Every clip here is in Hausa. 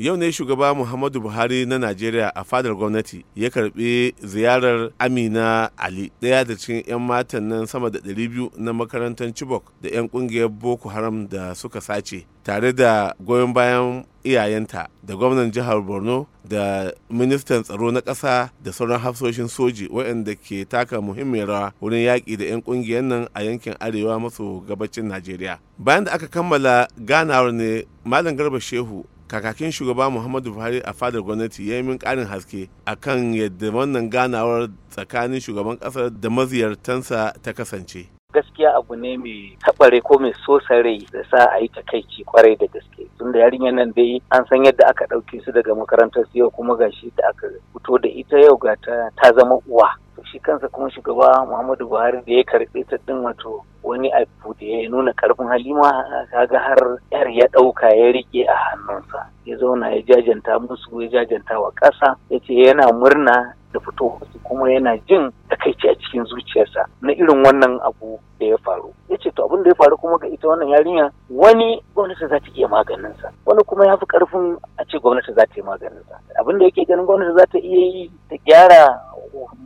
yau ne shugaba muhammadu buhari na najeriya a fadar gwamnati ya karbi ziyarar amina ali daya da cikin 'yan matan nan sama da 200 na makarantar chibok da 'yan kungiyar boko haram da suka sace tare da goyon bayan iyayenta da gwamnan jihar borno da ministan tsaro na ƙasa da sauran hafsoshin soji waɗanda ke taka muhimmiyar rawa wurin yaƙi da 'yan ƙungiyar nan a yankin arewa maso gabacin najeriya bayan da aka kammala ganawar ne malam garba shehu kakakin shugaba muhammadu buhari a fadar gwamnati ya yi min karin haske akan yadda wannan ganawar tsakanin shugaban kasar da maziyartansa ta kasance gaskiya abu ne mai taɓare ko mai sosa rai da sa a yi takaici kwarai da gaske tunda yarinyar nan dai an san yadda aka ɗauke su daga makarantar su yau kuma gashi da aka fito da ita yau ga ta zama uwa shi kansa kuma shugaba Muhammadu Buhari da ya karɓe ta din wato wani abu da ya nuna karfin halima kaga har yar ya ɗauka ya rike a hannunsa ya zauna ya jajanta musu ya jajanta wa ƙasa ya ce yana murna da fito kuma yana jin takaici cikin zuciyarsa na irin wannan abu da ya faru ya ce to abin da ya faru kuma ga ita wannan yarinya wani gwamnati za ta iya maganinsa wani kuma ya fi karfin a ce gwamnati za ta yi maganinsa abin da yake ganin gwamnati za ta iya yi ta gyara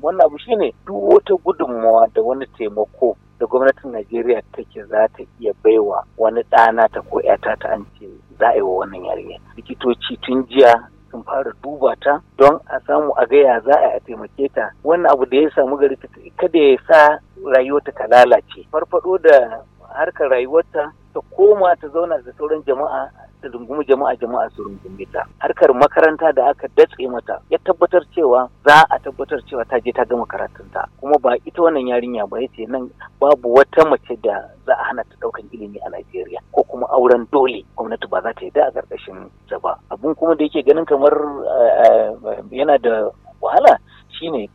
wannan abu shine duk wata gudunmawa da wani taimako da gwamnatin Najeriya take za ta iya baiwa wani ɗana ta ko ‘yata ta an ce za a yi wa wannan yarinya. Likitoci tun jiya sun fara duba ta don a samu a gaya za a taimake ta wannan abu da ya samu gari ta kada ya sa rayuwarta ta lalace farfado da harkar rayuwarta ta koma ta zauna da sauran jama'a ta rungumi jama'a jama'a su rungumi ta harkar makaranta da aka datse mata ya tabbatar cewa za a tabbatar cewa ta je ta gama karatunta kuma ba ita wannan yarinya ba ya ce nan babu wata mace da za a hana ta daukan ilimi a Najeriya ko auren dole gwamnati ba za ta yi da a ƙarƙashin sa ba abun kuma da yake ganin kamar eh, eh, yana da wahala shine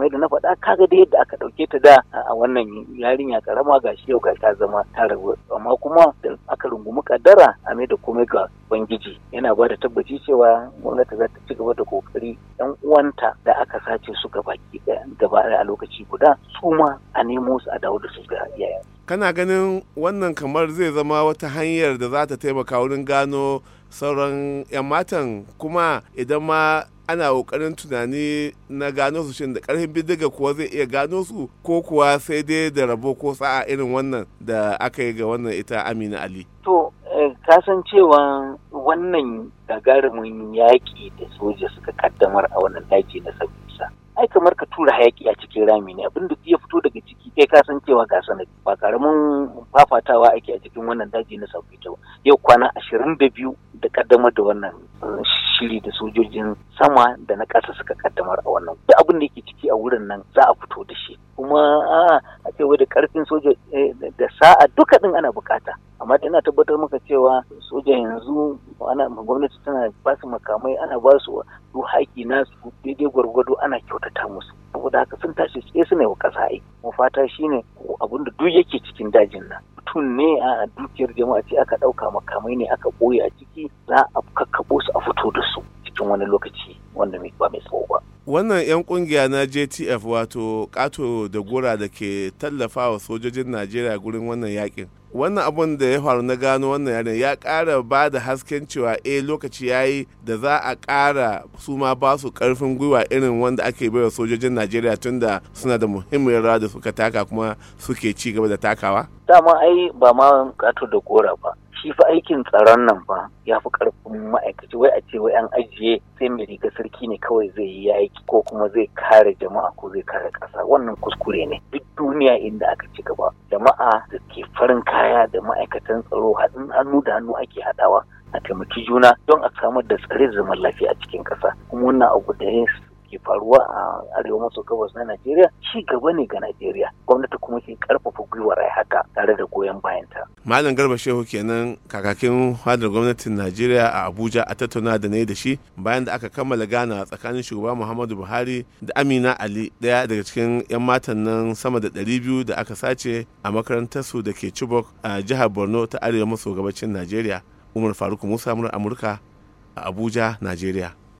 kamar yadda na faɗa kaga da yadda aka ɗauke ta da a wannan yarinya karama ga shi yau ga ta zama ta rabu amma kuma da aka rungumi kaddara a mai da komai ga ubangiji yana ba da tabbaci cewa gwamnati za ta ci gaba da kokari yan uwanta da aka sace su gaba gaba a lokaci guda su ma a nemo su a dawo da su ga iyayen kana ganin wannan kamar zai zama wata hanyar da za ta taimaka wurin gano sauran 'yan matan kuma idan ma ana kokarin tunani na gano su shin da karfin bindiga kuwa zai iya gano su ko kuwa sai dai da rabo ko sa'a irin wannan da aka yi ga wannan ita amina ali to eh, kasancewa wannan gagarumin yaƙi da soja suka kaddamar a wannan daji na sabisa ai kamar ka tura hayaki a cikin rami ne abinda ya fito daga ciki kai ka san cewa ga sanadi ba karamin fafatawa ake a cikin wannan daji na sauƙi ta yau kwana ashirin da biyu da kaddamar da wannan eh, shiri da sojojin sama da na ƙasa suka kaddamar a wannan duk abin da yake ciki a wurin nan za a fito da shi kuma a cewa da karfin soja eh, da sa'a duka din ana bukata amma ina tabbatar maka cewa soja yanzu ana gwamnati tana ba su makamai ana ba su su haƙi nasu daidai gwargwado ana kyautata musu saboda haka sun tashi sai su ne wa ƙasa yi. mu fata shine abin da duk yake cikin dajin nan mutum ne a dukiyar jama'a ce aka ɗauka makamai ne aka ɓoye a ciki za a kakkaɓo su a fito da su cikin wani lokaci wanda ba mai tsawo ba. Wannan 'yan kungiya na JTF wato kato da gora da ke tallafa wa sojojin Najeriya gurin wannan yakin. Wannan abun da ya faru na gano wannan yarin ya ƙara ba da hasken cewa eh lokaci ya yi da za a ƙara su ma ba su ƙarfin gwiwa irin wanda ake baiwa sojojin Najeriya tun da suna da muhimmiyar rawa da suka taka kuma suke ci gaba da takawa. Dama ai ba ma kato da gora ba. shi fa aikin tsaron nan ba, ya fi karfin ma'aikaci wai a ce wai an ajiye sai mai riga sarki ne kawai zai yi yaki ko kuma zai kare jama'a ko zai kare ƙasa wannan kuskure ne duk duniya inda aka ci gaba jama'a da ke farin kaya da ma'aikatan tsaro haɗin hannu da hannu ake haɗawa a taimaki juna don a samar da tsare zaman lafiya a cikin ƙasa kuma wannan abu da ya ke faruwa a arewa maso gabas na Najeriya ci gaba ne ga Najeriya gwamnati kuma ke karfafa gwiwar haka tare da goyon bayanta. Malam Garba Shehu kenan kakakin hadar gwamnatin Najeriya a Abuja a tattauna da ne da shi bayan da aka kammala gana tsakanin shugaba Muhammadu Buhari da Amina Ali daya daga cikin 'yan matan nan sama da 200 da aka sace a makarantar su da ke Chibok a jihar Borno ta arewa maso gabacin Najeriya. Umar Faruk Musa Amurka a Abuja, Najeriya.